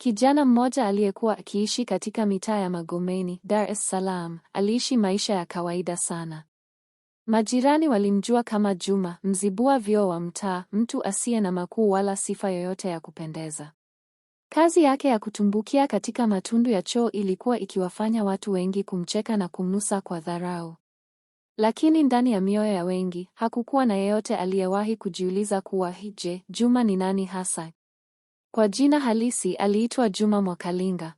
Kijana mmoja aliyekuwa akiishi katika mitaa ya Magomeni, Dar es Salaam, aliishi maisha ya kawaida sana. Majirani walimjua kama Juma, mzibua vyoo wa mtaa, mtu asiye na makuu wala sifa yoyote ya kupendeza. Kazi yake ya kutumbukia katika matundu ya choo ilikuwa ikiwafanya watu wengi kumcheka na kumnusa kwa dharau. Lakini ndani ya mioyo ya wengi hakukuwa na yeyote aliyewahi kujiuliza kuwa hije Juma ni nani hasa? Kwa jina halisi aliitwa Juma Mwakalinga,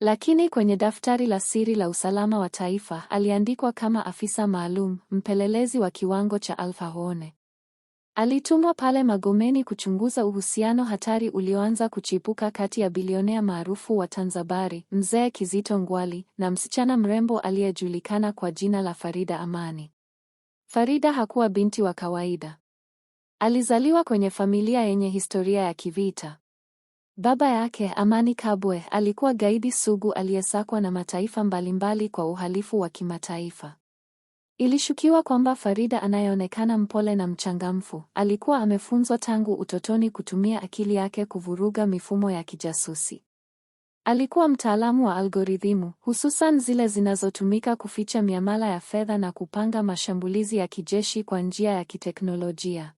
lakini kwenye daftari la siri la usalama wa taifa aliandikwa kama afisa maalum mpelelezi wa kiwango cha Alfa Hone. Alitumwa pale Magomeni kuchunguza uhusiano hatari ulioanza kuchipuka kati ya bilionea maarufu wa Tanzabari, Mzee Kizito Ngwali, na msichana mrembo aliyejulikana kwa jina la Farida Amani. Farida hakuwa binti wa kawaida. Alizaliwa kwenye familia yenye historia ya kivita. Baba yake, Amani Kabwe, alikuwa gaidi sugu aliyesakwa na mataifa mbalimbali kwa uhalifu wa kimataifa. Ilishukiwa kwamba Farida anayeonekana mpole na mchangamfu, alikuwa amefunzwa tangu utotoni kutumia akili yake kuvuruga mifumo ya kijasusi. Alikuwa mtaalamu wa algorithimu, hususan zile zinazotumika kuficha miamala ya fedha na kupanga mashambulizi ya kijeshi kwa njia ya kiteknolojia.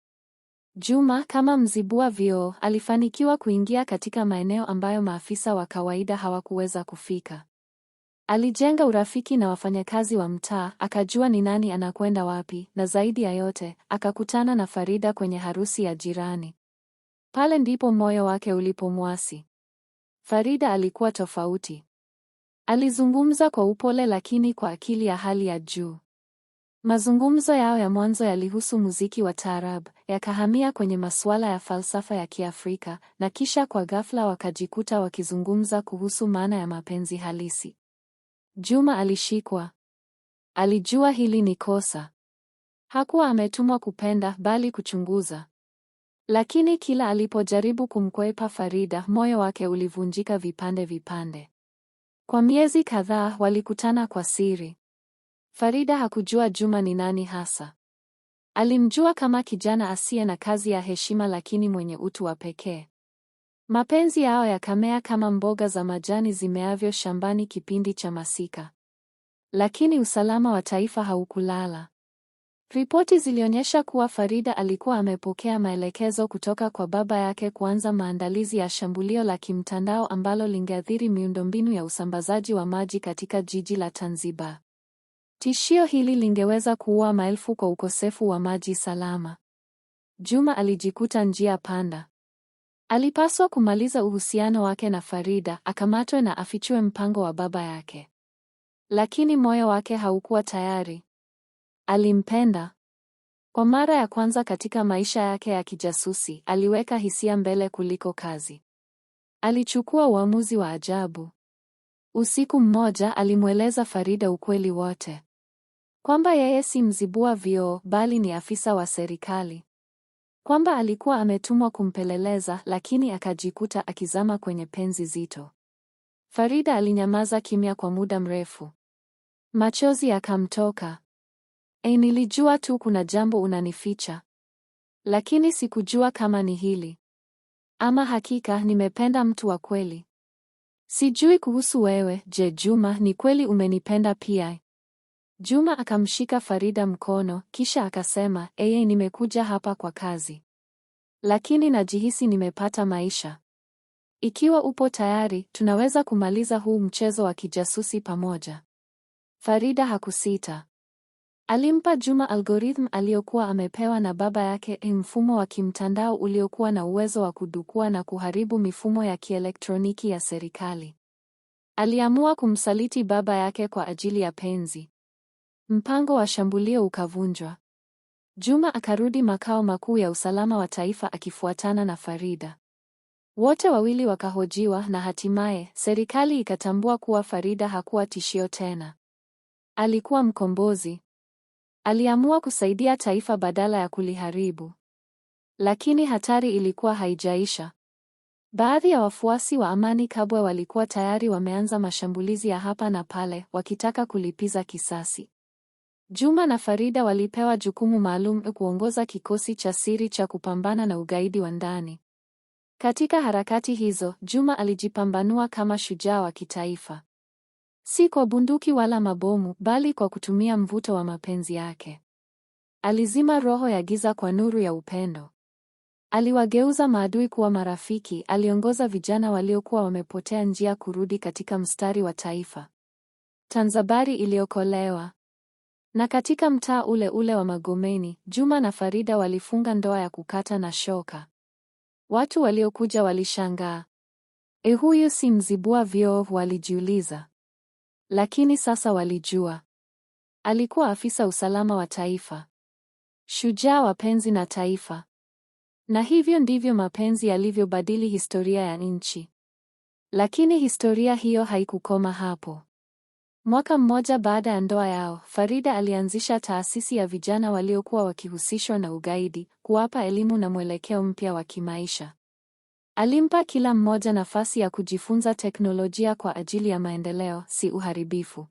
Juma kama mzibua vioo alifanikiwa kuingia katika maeneo ambayo maafisa wa kawaida hawakuweza kufika. Alijenga urafiki na wafanyakazi wa mtaa, akajua ni nani anakwenda wapi, na zaidi ya yote, akakutana na Farida kwenye harusi ya jirani. Pale ndipo moyo wake ulipomwasi. Farida alikuwa tofauti. Alizungumza kwa upole lakini kwa akili ya hali ya juu. Mazungumzo yao ya mwanzo yalihusu muziki wa taarab, yakahamia kwenye masuala ya falsafa ya Kiafrika, na kisha kwa ghafla wakajikuta wakizungumza kuhusu maana ya mapenzi halisi. Juma alishikwa. Alijua hili ni kosa. Hakuwa ametumwa kupenda, bali kuchunguza. Lakini kila alipojaribu kumkwepa Farida, moyo wake ulivunjika vipande vipande. Kwa miezi kadhaa walikutana kwa siri. Farida hakujua Juma ni nani hasa. Alimjua kama kijana asiye na kazi ya heshima lakini mwenye utu wa pekee. Mapenzi yao yakamea kama mboga za majani zimeavyo shambani kipindi cha masika. Lakini usalama wa taifa haukulala. Ripoti zilionyesha kuwa Farida alikuwa amepokea maelekezo kutoka kwa baba yake kuanza maandalizi ya shambulio la kimtandao ambalo lingeathiri miundombinu ya usambazaji wa maji katika jiji la Zanzibar. Tishio hili lingeweza kuua maelfu kwa ukosefu wa maji salama. Juma alijikuta njia panda. Alipaswa kumaliza uhusiano wake na Farida, akamatwe na afichwe mpango wa baba yake. Lakini moyo wake haukuwa tayari. Alimpenda. Kwa mara ya kwanza katika maisha yake ya kijasusi, aliweka hisia mbele kuliko kazi. Alichukua uamuzi wa ajabu. Usiku mmoja alimweleza Farida ukweli wote kwamba yeye si mzibua vioo bali ni afisa wa serikali, kwamba alikuwa ametumwa kumpeleleza, lakini akajikuta akizama kwenye penzi zito. Farida alinyamaza kimya kwa muda mrefu, machozi yakamtoka. E, nilijua tu kuna jambo unanificha, lakini sikujua kama ni hili. Ama hakika nimependa mtu wa kweli. Sijui kuhusu wewe, je, Juma, ni kweli umenipenda pia? Juma akamshika Farida mkono kisha akasema, "Eye, nimekuja hapa kwa kazi. Lakini najihisi nimepata maisha. Ikiwa upo tayari, tunaweza kumaliza huu mchezo wa kijasusi pamoja." Farida hakusita. Alimpa Juma algorithm aliyokuwa amepewa na baba yake, e, mfumo wa kimtandao uliokuwa na uwezo wa kudukua na kuharibu mifumo ya kielektroniki ya serikali. Aliamua kumsaliti baba yake kwa ajili ya penzi. Mpango wa shambulio ukavunjwa. Juma akarudi makao makuu ya usalama wa taifa akifuatana na Farida. Wote wawili wakahojiwa na hatimaye serikali ikatambua kuwa Farida hakuwa tishio tena. Alikuwa mkombozi. Aliamua kusaidia taifa badala ya kuliharibu. Lakini hatari ilikuwa haijaisha. Baadhi ya wafuasi wa Amani Kabwe walikuwa tayari wameanza mashambulizi ya hapa na pale wakitaka kulipiza kisasi. Juma na Farida walipewa jukumu maalum kuongoza kikosi cha siri cha kupambana na ugaidi wa ndani. Katika harakati hizo, Juma alijipambanua kama shujaa wa kitaifa. Si kwa bunduki wala mabomu, bali kwa kutumia mvuto wa mapenzi yake. Alizima roho ya giza kwa nuru ya upendo. Aliwageuza maadui kuwa marafiki, aliongoza vijana waliokuwa wamepotea njia kurudi katika mstari wa taifa. Tanzabari iliyokolewa. Na katika mtaa ule ule wa Magomeni, Juma na Farida walifunga ndoa ya kukata na shoka. Watu waliokuja walishangaa. E, huyu si mzibua vioo, walijiuliza. Lakini sasa walijua. Alikuwa afisa usalama wa taifa. Shujaa wa penzi na taifa. Na hivyo ndivyo mapenzi yalivyobadili historia ya nchi. Lakini historia hiyo haikukoma hapo. Mwaka mmoja baada ya ndoa yao, Farida alianzisha taasisi ya vijana waliokuwa wakihusishwa na ugaidi, kuwapa elimu na mwelekeo mpya wa kimaisha. Alimpa kila mmoja nafasi ya kujifunza teknolojia kwa ajili ya maendeleo, si uharibifu.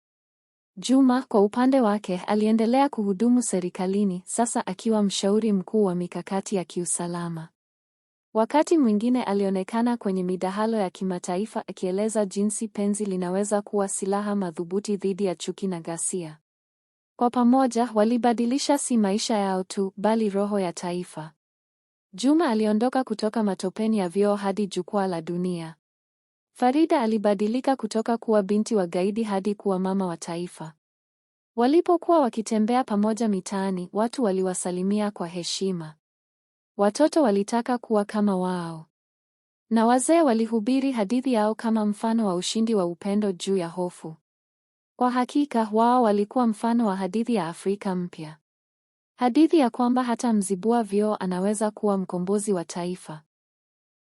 Juma kwa upande wake aliendelea kuhudumu serikalini, sasa akiwa mshauri mkuu wa mikakati ya kiusalama. Wakati mwingine alionekana kwenye midahalo ya kimataifa akieleza jinsi penzi linaweza kuwa silaha madhubuti dhidi ya chuki na ghasia. Kwa pamoja walibadilisha si maisha yao tu, bali roho ya taifa. Juma aliondoka kutoka matopeni ya vyoo hadi jukwaa la dunia. Farida alibadilika kutoka kuwa binti wa gaidi hadi kuwa mama wa taifa. Walipokuwa wakitembea pamoja mitaani, watu waliwasalimia kwa heshima. Watoto walitaka kuwa kama wao, na wazee walihubiri hadithi yao kama mfano wa ushindi wa upendo juu ya hofu. Kwa hakika wao walikuwa mfano wa hadithi ya Afrika mpya, hadithi ya kwamba hata mzibua vioo anaweza kuwa mkombozi wa taifa.